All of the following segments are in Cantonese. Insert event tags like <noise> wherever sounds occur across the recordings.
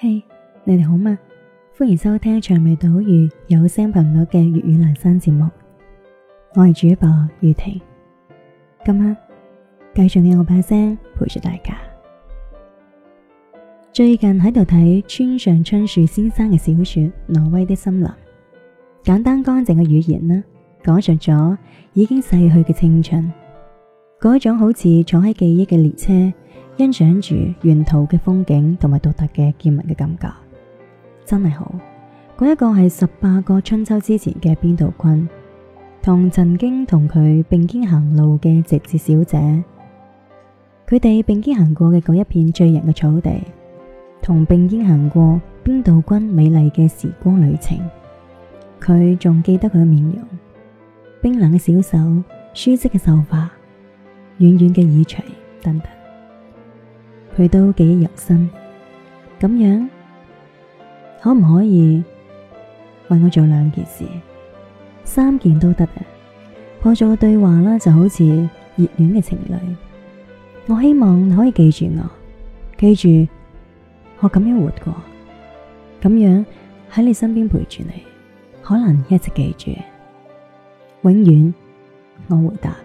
嘿，hey，你哋好嘛？歡迎收聽《長尾島嶼有聲頻率嘅粵語南山節目，我係主播雨婷。今晚繼續用我把聲陪住大家。最近喺度睇村上春樹先生嘅小說《挪威的森林》，簡單乾淨嘅語言呢，講述咗已經逝去嘅青春，嗰種好似坐喺記憶嘅列車。欣賞住沿途嘅風景同埋獨特嘅見聞嘅感覺，真係好。嗰一個係十八個春秋之前嘅邊渡君，同曾經同佢並肩行路嘅直子小姐，佢哋並肩行過嘅嗰一片醉人嘅草地，同並肩行過邊渡君美麗嘅時光旅程，佢仲記得佢嘅面容、冰冷嘅小手、舒適嘅秀髮、軟軟嘅耳垂等等。佢都記憶猶新，咁樣可唔可以為我做兩件事？三件都得。破咗個對話啦，就好似熱戀嘅情侶，我希望你可以記住我，記住我咁樣活過，咁樣喺你身邊陪住你，可能一直記住，永遠。我回答，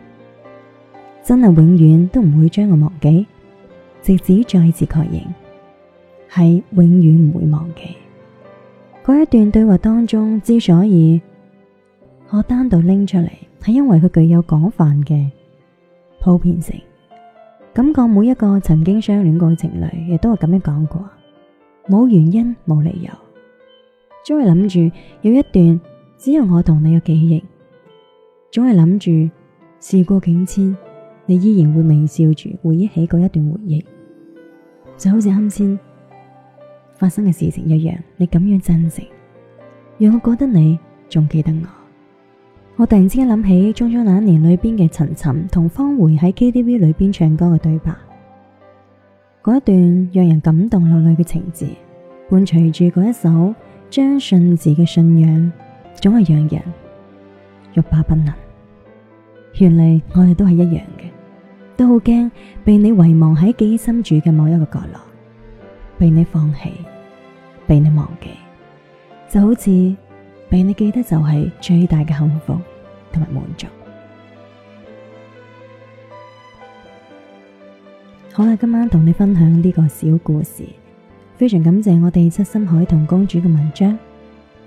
真係永遠都唔會將我忘記。直子再次確認，係永遠唔會忘記。嗰一段對話當中，之所以我單獨拎出嚟，係因為佢具有廣泛嘅普遍性。感覺每一個曾經相戀過嘅情侶，亦都係咁樣講過，冇原因，冇理由。總係諗住有一段只有我同你嘅記憶，總係諗住事過境遷，你依然會微笑住回憶起嗰一段回憶。就好似啱先發生嘅事情一樣，你咁樣真誠，讓我覺得你仲記得我。我突然之間諗起《匆匆那一年》裏邊嘅陳尋同方茴喺 KTV 裏邊唱歌嘅對白，嗰一段讓人感動落淚嘅情節，伴隨住嗰一首張信哲嘅信仰，總係讓人欲罷不能。原嚟我哋都係一樣嘅。都好驚被你遺忘喺記憶深處嘅某一個角落，被你放棄，被你忘記，就好似被你記得就係最大嘅幸福同埋滿足。 <noise> 好啦，今晚同你分享呢個小故事，非常感謝我哋七心海同公主嘅文章。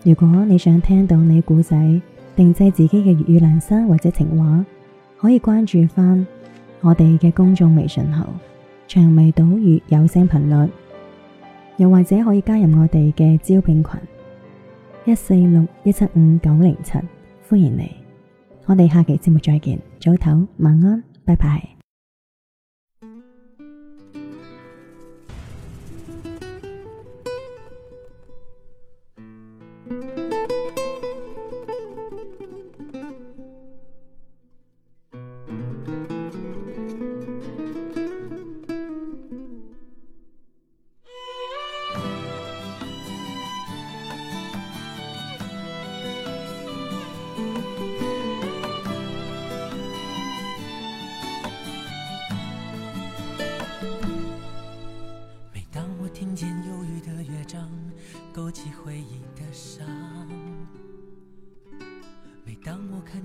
如果你想聽到你故仔，定製自己嘅粵語鈴聲或者情話，可以關注翻。我哋嘅公眾微信號“薔薇島嶼有聲頻率”，又或者可以加入我哋嘅招聘群一四六一七五九零七，7，歡迎你！我哋下期節目再見，早唞晚，晚安，拜拜。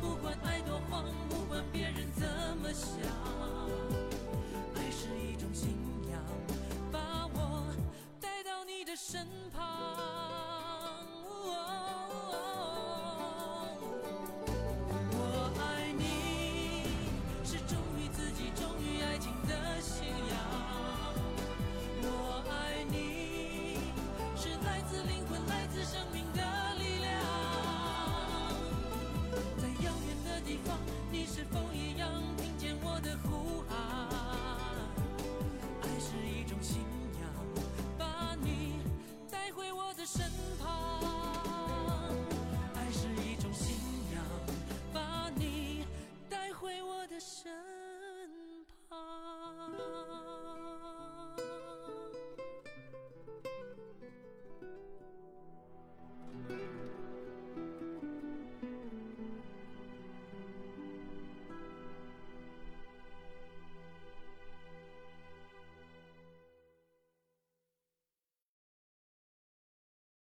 不管愛多慌，不管別人怎麼想。